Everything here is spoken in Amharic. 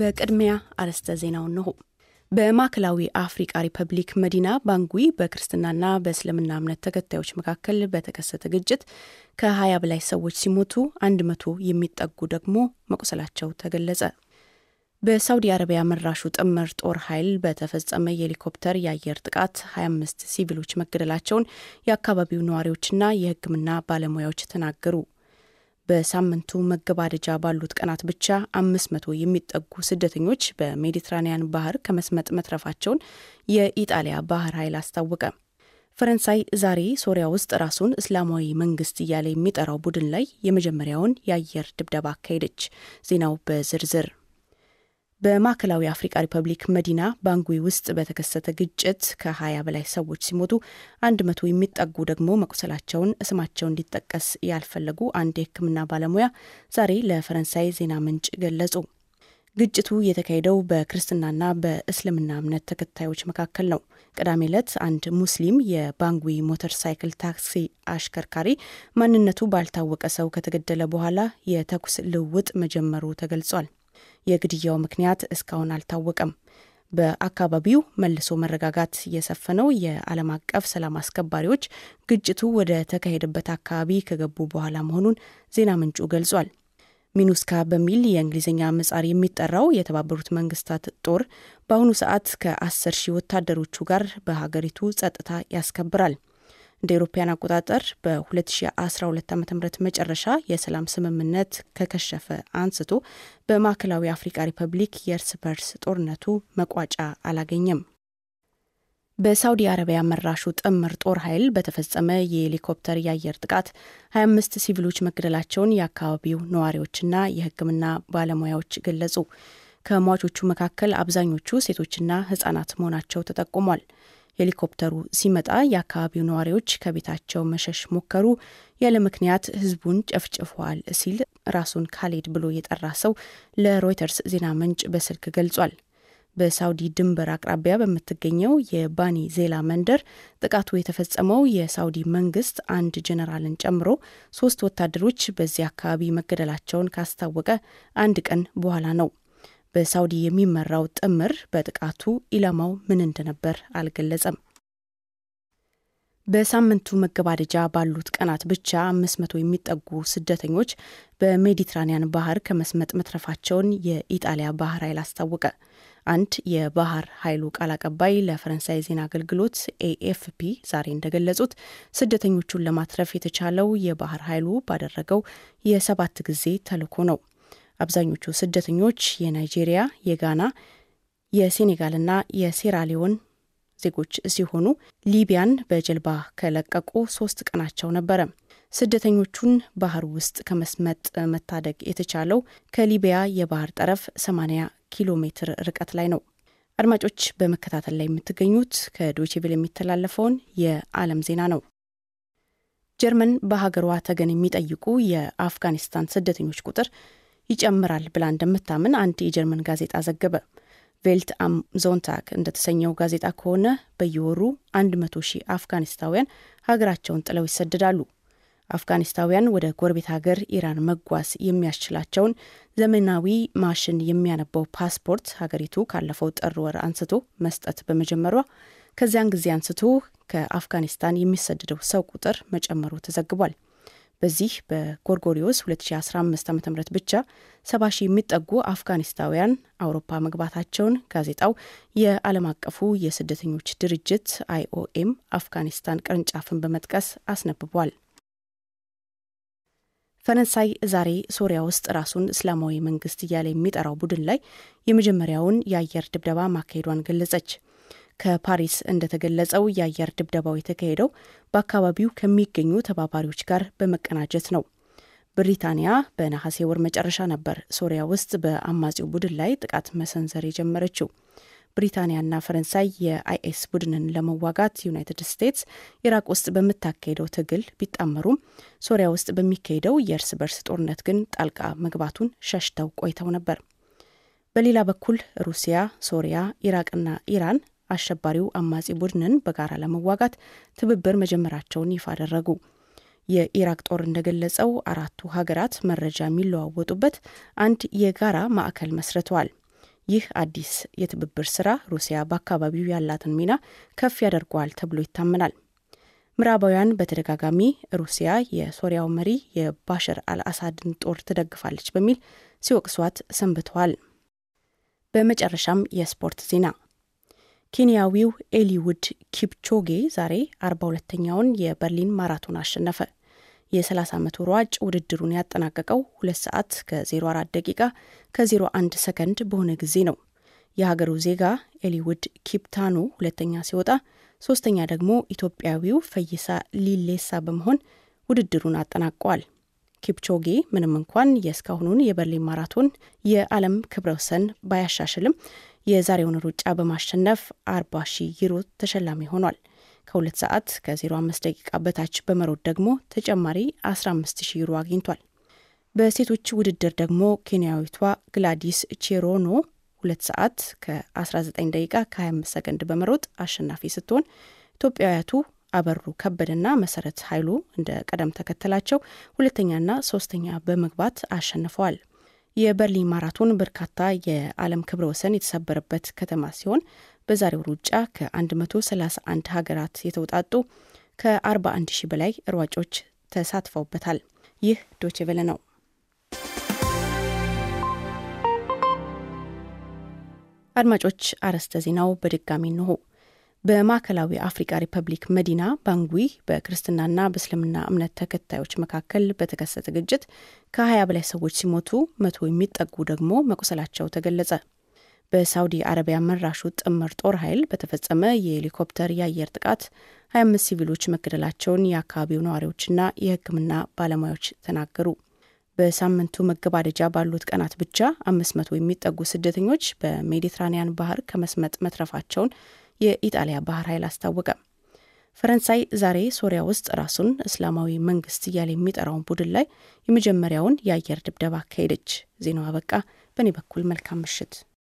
በቅድሚያ አርዕስተ ዜናው እነሆ። በማዕከላዊ አፍሪቃ ሪፐብሊክ መዲና ባንጉይ በክርስትናና በእስልምና እምነት ተከታዮች መካከል በተከሰተ ግጭት ከ20 በላይ ሰዎች ሲሞቱ 100 የሚጠጉ ደግሞ መቁሰላቸው ተገለጸ። በሳውዲ አረቢያ መራሹ ጥምር ጦር ኃይል በተፈጸመ የሄሊኮፕተር የአየር ጥቃት 25 ሲቪሎች መገደላቸውን የአካባቢው ነዋሪዎችና የሕክምና ባለሙያዎች ተናገሩ። በሳምንቱ መገባደጃ ባሉት ቀናት ብቻ አምስት መቶ የሚጠጉ ስደተኞች በሜዲትራኒያን ባህር ከመስመጥ መትረፋቸውን የኢጣሊያ ባህር ኃይል አስታወቀ። ፈረንሳይ ዛሬ ሶሪያ ውስጥ ራሱን እስላማዊ መንግስት እያለ የሚጠራው ቡድን ላይ የመጀመሪያውን የአየር ድብደባ አካሄደች። ዜናው በዝርዝር በማዕከላዊ አፍሪካ ሪፐብሊክ መዲና ባንጉ ውስጥ በተከሰተ ግጭት ከ20 በላይ ሰዎች ሲሞቱ አንድ መቶ የሚጠጉ ደግሞ መቁሰላቸውን ስማቸው እንዲጠቀስ ያልፈለጉ አንድ የሕክምና ባለሙያ ዛሬ ለፈረንሳይ ዜና ምንጭ ገለጹ። ግጭቱ የተካሄደው በክርስትናና በእስልምና እምነት ተከታዮች መካከል ነው። ቅዳሜ ዕለት አንድ ሙስሊም የባንጉዊ ሞተር ሳይክል ታክሲ አሽከርካሪ ማንነቱ ባልታወቀ ሰው ከተገደለ በኋላ የተኩስ ልውውጥ መጀመሩ ተገልጿል። የግድያው ምክንያት እስካሁን አልታወቀም። በአካባቢው መልሶ መረጋጋት የሰፈነው የዓለም አቀፍ ሰላም አስከባሪዎች ግጭቱ ወደ ተካሄደበት አካባቢ ከገቡ በኋላ መሆኑን ዜና ምንጩ ገልጿል። ሚኑስካ በሚል የእንግሊዝኛ ምጻር የሚጠራው የተባበሩት መንግስታት ጦር በአሁኑ ሰዓት ከ10 ሺህ ወታደሮቹ ጋር በሀገሪቱ ጸጥታ ያስከብራል። እንደ ኤሮፓያን አቆጣጠር በ2012 ዓ ም መጨረሻ የሰላም ስምምነት ከከሸፈ አንስቶ በማዕከላዊ አፍሪካ ሪፐብሊክ የእርስ በርስ ጦርነቱ መቋጫ አላገኘም። በሳውዲ አረቢያ መራሹ ጥምር ጦር ኃይል በተፈጸመ የሄሊኮፕተር የአየር ጥቃት 25 ሲቪሎች መገደላቸውን የአካባቢው ነዋሪዎችና የሕክምና ባለሙያዎች ገለጹ። ከሟቾቹ መካከል አብዛኞቹ ሴቶችና ሕጻናት መሆናቸው ተጠቁሟል። ሄሊኮፕተሩ ሲመጣ የአካባቢው ነዋሪዎች ከቤታቸው መሸሽ ሞከሩ። ያለ ምክንያት ህዝቡን ጨፍጭፏል ሲል ራሱን ካሌድ ብሎ የጠራ ሰው ለሮይተርስ ዜና ምንጭ በስልክ ገልጿል። በሳውዲ ድንበር አቅራቢያ በምትገኘው የባኒ ዜላ መንደር ጥቃቱ የተፈጸመው የሳውዲ መንግስት አንድ ጀነራልን ጨምሮ ሶስት ወታደሮች በዚህ አካባቢ መገደላቸውን ካስታወቀ አንድ ቀን በኋላ ነው። በሳውዲ የሚመራው ጥምር በጥቃቱ ኢላማው ምን እንደነበር አልገለጸም። በሳምንቱ መገባደጃ ባሉት ቀናት ብቻ 500 የሚጠጉ ስደተኞች በሜዲትራኒያን ባህር ከመስመጥ መትረፋቸውን የኢጣሊያ ባህር ኃይል አስታወቀ። አንድ የባህር ኃይሉ ቃል አቀባይ ለፈረንሳይ ዜና አገልግሎት ኤኤፍፒ ዛሬ እንደገለጹት ስደተኞቹን ለማትረፍ የተቻለው የባህር ኃይሉ ባደረገው የሰባት ጊዜ ተልዕኮ ነው። አብዛኞቹ ስደተኞች የናይጄሪያ፣ የጋና፣ የሴኔጋልና የሴራሊዮን ዜጎች ሲሆኑ ሊቢያን በጀልባ ከለቀቁ ሶስት ቀናቸው ነበረ። ስደተኞቹን ባህር ውስጥ ከመስመጥ መታደግ የተቻለው ከሊቢያ የባህር ጠረፍ 80 ኪሎ ሜትር ርቀት ላይ ነው። አድማጮች በመከታተል ላይ የምትገኙት ከዶችቤል የሚተላለፈውን የዓለም ዜና ነው። ጀርመን በሀገሯ ተገን የሚጠይቁ የአፍጋኒስታን ስደተኞች ቁጥር ይጨምራል ብላ እንደምታምን አንድ የጀርመን ጋዜጣ ዘገበ። ቬልት አም ዞንታክ እንደተሰኘው ጋዜጣ ከሆነ በየወሩ 100 ሺህ አፍጋኒስታውያን ሀገራቸውን ጥለው ይሰደዳሉ። አፍጋኒስታውያን ወደ ጎረቤት ሀገር ኢራን መጓዝ የሚያስችላቸውን ዘመናዊ ማሽን የሚያነባው ፓስፖርት ሀገሪቱ ካለፈው ጥር ወር አንስቶ መስጠት በመጀመሯ ከዚያን ጊዜ አንስቶ ከአፍጋኒስታን የሚሰደደው ሰው ቁጥር መጨመሩ ተዘግቧል። በዚህ በጎርጎሪዮስ 2015 ዓ ም ብቻ 70 ሺህ የሚጠጉ አፍጋኒስታውያን አውሮፓ መግባታቸውን ጋዜጣው የዓለም አቀፉ የስደተኞች ድርጅት አይኦኤም አፍጋኒስታን ቅርንጫፍን በመጥቀስ አስነብቧል። ፈረንሳይ ዛሬ ሶሪያ ውስጥ ራሱን እስላማዊ መንግስት እያለ የሚጠራው ቡድን ላይ የመጀመሪያውን የአየር ድብደባ ማካሄዷን ገለጸች። ከፓሪስ እንደተገለጸው የአየር ድብደባው የተካሄደው በአካባቢው ከሚገኙ ተባባሪዎች ጋር በመቀናጀት ነው። ብሪታንያ በነሐሴ ወር መጨረሻ ነበር ሶሪያ ውስጥ በአማጺው ቡድን ላይ ጥቃት መሰንዘር የጀመረችው። ብሪታንያና ፈረንሳይ የአይኤስ ቡድንን ለመዋጋት ዩናይትድ ስቴትስ ኢራቅ ውስጥ በምታካሄደው ትግል ቢጣመሩም ሶሪያ ውስጥ በሚካሄደው የእርስ በርስ ጦርነት ግን ጣልቃ መግባቱን ሸሽተው ቆይተው ነበር። በሌላ በኩል ሩሲያ፣ ሶሪያ፣ ኢራቅና ኢራን አሸባሪው አማጺ ቡድንን በጋራ ለመዋጋት ትብብር መጀመራቸውን ይፋ አደረጉ። የኢራቅ ጦር እንደገለጸው አራቱ ሀገራት መረጃ የሚለዋወጡበት አንድ የጋራ ማዕከል መስርተዋል። ይህ አዲስ የትብብር ስራ ሩሲያ በአካባቢው ያላትን ሚና ከፍ ያደርገዋል ተብሎ ይታመናል። ምዕራባውያን በተደጋጋሚ ሩሲያ የሶሪያው መሪ የባሽር አልአሳድን ጦር ትደግፋለች በሚል ሲወቅሷት ሰንብተዋል። በመጨረሻም የስፖርት ዜና ኬንያዊው ኤሊውድ ኪፕቾጌ ዛሬ 42ተኛውን የበርሊን ማራቶን አሸነፈ። የ30 ዓመቱ ሯጭ ውድድሩን ያጠናቀቀው 2 ሰዓት ከ04 ደቂቃ ከ01 ሰከንድ በሆነ ጊዜ ነው። የሀገሩ ዜጋ ኤሊውድ ኪፕታኑ ሁለተኛ ሲወጣ፣ ሶስተኛ ደግሞ ኢትዮጵያዊው ፈይሳ ሊሌሳ በመሆን ውድድሩን አጠናቀዋል። ኪፕቾጌ ምንም እንኳን የእስካሁኑን የበርሊን ማራቶን የዓለም ክብረ ወሰን ባያሻሽልም የዛሬውን ሩጫ በማሸነፍ 40 ሺህ ዩሮ ተሸላሚ ሆኗል። ከሁለት ሰዓት ከ05 ደቂቃ በታች በመሮጥ ደግሞ ተጨማሪ 15 ሺህ ዩሮ አግኝቷል። በሴቶች ውድድር ደግሞ ኬንያዊቷ ግላዲስ ቼሮኖ ሁለት ሰዓት ከ19 ደቂቃ ከ25 ሰከንድ በመሮጥ አሸናፊ ስትሆን ኢትዮጵያውያቱ አበሩ ከበደና መሰረት ኃይሉ እንደ ቀደም ተከተላቸው ሁለተኛና ሶስተኛ በመግባት አሸንፈዋል። የበርሊን ማራቶን በርካታ የዓለም ክብረ ወሰን የተሰበረበት ከተማ ሲሆን በዛሬው ሩጫ ከ131 ሀገራት የተውጣጡ ከ41 ሺ በላይ ሯጮች ተሳትፈውበታል። ይህ ዶችቬለ ነው። አድማጮች፣ አርዕስተ ዜናው በድጋሚ እንሆ በማዕከላዊ አፍሪካ ሪፐብሊክ መዲና ባንጉዊ በክርስትናና በእስልምና እምነት ተከታዮች መካከል በተከሰተ ግጭት ከ20 በላይ ሰዎች ሲሞቱ መቶ የሚጠጉ ደግሞ መቁሰላቸው ተገለጸ። በሳውዲ አረቢያ መራሹ ጥምር ጦር ኃይል በተፈጸመ የሄሊኮፕተር የአየር ጥቃት 25 ሲቪሎች መገደላቸውን የአካባቢው ነዋሪዎችና የሕክምና ባለሙያዎች ተናገሩ። በሳምንቱ መገባደጃ ባሉት ቀናት ብቻ 500 የሚጠጉ ስደተኞች በሜዲትራኒያን ባህር ከመስመጥ መትረፋቸውን የኢጣሊያ ባህር ኃይል አስታወቀ። ፈረንሳይ ዛሬ ሶሪያ ውስጥ ራሱን እስላማዊ መንግስት እያለ የሚጠራውን ቡድን ላይ የመጀመሪያውን የአየር ድብደባ አካሄደች። ዜናው አበቃ። በእኔ በኩል መልካም ምሽት።